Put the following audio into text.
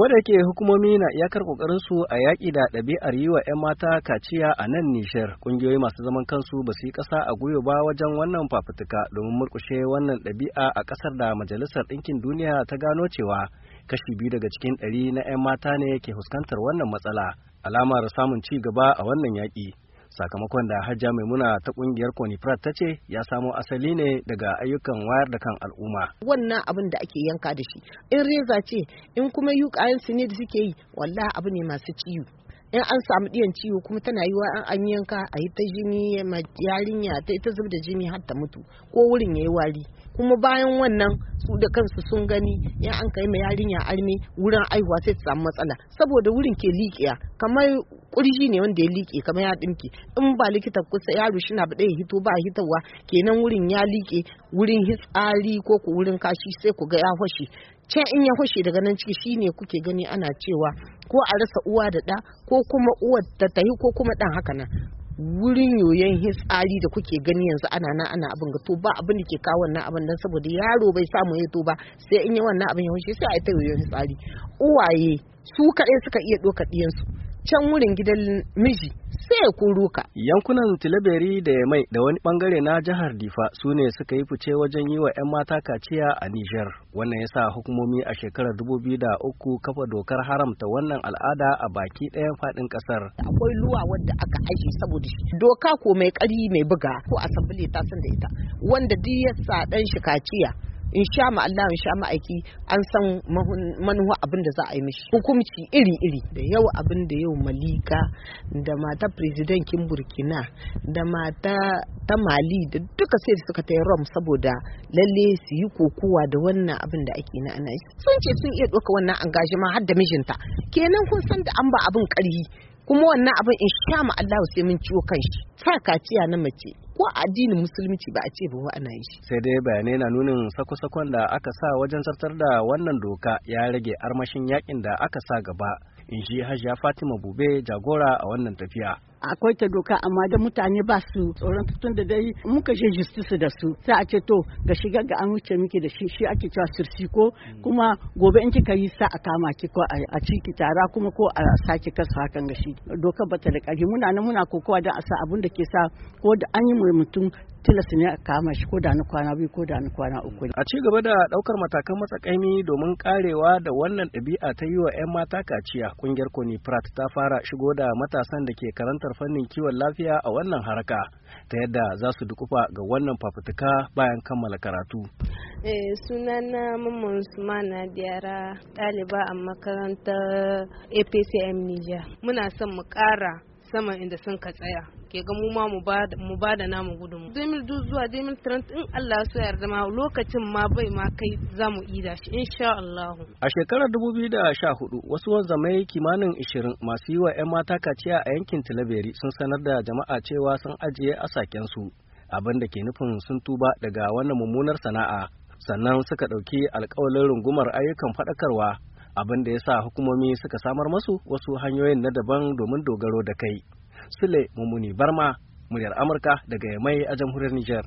ko da yake hukumomi na iyakar kokarin su a yaƙi da ɗabi'ar yi wa 'yan mata kaciya a nan nishar ƙungiyoyi masu zaman kansu ba su yi ƙasa a gwiwa ba wajen wannan fafutuka domin murƙushe wannan ɗabi'a a ƙasar da majalisar ɗinkin duniya ta gano cewa kashi biyu daga cikin ɗari na 'yan mata ne ke fuskantar wannan matsala alamar samun ci gaba a wannan yaƙi sakamakon da hajja maimuna ta kungiyar konifrat ta ce ya samo asali ne daga ayyukan wayar da kan al'umma wannan abin da ake yanka da shi in reza ce in kuma yukayen su ne da suke yi wallah abu ne masu ciwo in an samu ɗiyan ciwo kuma tana yiwa an an yanka a yi ta jini yarinya ta ita zub da jini har ta mutu ko wurin ya yi wari kuma bayan wannan su da kansu sun gani in an kai ma yarinya arme wurin aihuwa sai ta samu matsala saboda wurin ke likiya kamar kurji ne wanda ya like kamar ya dinki in ba likita kusa yaro shi na bude hito ba hitawa kenan wurin ya liƙe wurin hitsari ko ku wurin kashi sai ku ga ya hoshi can in ya hoshi daga nan ciki shine kuke gani ana cewa ko a rasa uwa da ɗa ko kuma uwar ta tahi ko kuma ɗan haka nan wurin yoyon hitsari da kuke gani yanzu ana nan ana abin ga to ba abin da ke kawo wannan abin dan saboda yaro bai samu ya to ba sai in yi wannan abin ya wuce sai a yi ta yoyon hitsari uwaye su kaɗai suka iya ɗaukar ɗiyansu can wurin gidan miji sai ya koro ka. Yankunan Tilaberi da Yamai da wani bangare na jihar Difa su ne suka yi fice wajen yi wa 'yan mata kaciya a Nijar. Wannan ya sa hukumomi a shekarar uku kafa dokar haramta wannan al'ada a baki ɗayan faɗin ƙasar. Akwai luwa wadda aka aje saboda shi. Doka ko mai ƙari mai buga ko asambile ta san da ita wanda duk ya sa ɗan shi kaciya in sha ma in sha ma'aiki an san manuwa abin da za a yi mishi hukumci iri iri da yau abin da yau malika da mata president kin burkina da mata ta mali da duka sai da suka tayi rom saboda lalle su yi kokowa da wannan abin da ake na ana sun ce sun iya ɗauka wannan engagement har da mijinta kenan kun san da an ba abin ƙarhi kuma wannan abin in sha ma Allah sai mun ciwo kanshi sa kaciya na mace ko addinin musulunci ba a ce ba wa ana yi sai dai bayanai na nunin sako-sakon da aka sa wajen zartar da wannan doka ya rage armashin yakin da aka sa gaba in shi hajiya fatima bube jagora a wannan tafiya akwai ta doka amma da mutane ba su tsoron tun da dai muka je justice da su sai a ce to ga shiga ga an wuce miki da shi shi ake cewa sirsi ko mm. kuma gobe in kika yi sa a kama ki ko a ci ki tara kuma ko a sake kasu hakan ga shi doka ta da muna nan muna kokowa da a sa abun da ke sa ko da an yi mutum tilasta ne a kama shi ko da na kwana biyu ko da na kwana uku a ci gaba da daukar matakan matsakaimi domin karewa da wannan ɗabi'a ta yi wa 'yan mata kaciya ƙungiyar koni prat ta fara shigo da matasan da ke karantar fannin kiwon lafiya a wannan haraka ta yadda za su dukufa ga wannan fafutuka bayan kammala karatu eh sunana mamman sumana diyara ɗaliba a makarantar apcm niger muna son mu ƙara sama inda sun ka tsaya ke ga mu ma mu ba da namu gudunmu 2012 zuwa in Allah su yarda ma lokacin ma bai ma kai za mu ida shi insha Allah a shekarar 2014 wasu wanzamai kimanin 20 masu yi wa 'yan mata kaciya a yankin Tilaberi sun sanar da jama'a cewa sun ajiye asaken su abin da ke nufin sun tuba daga wannan mummunar sana'a sannan suka ɗauki alƙawalin rungumar ayyukan faɗakarwa abin da ya sa hukumomi suka samar masu wasu hanyoyin na daban domin dogaro da kai. Sule Mumuni Barma, muryar Amurka daga Yamai a jamhuriyar Nijar.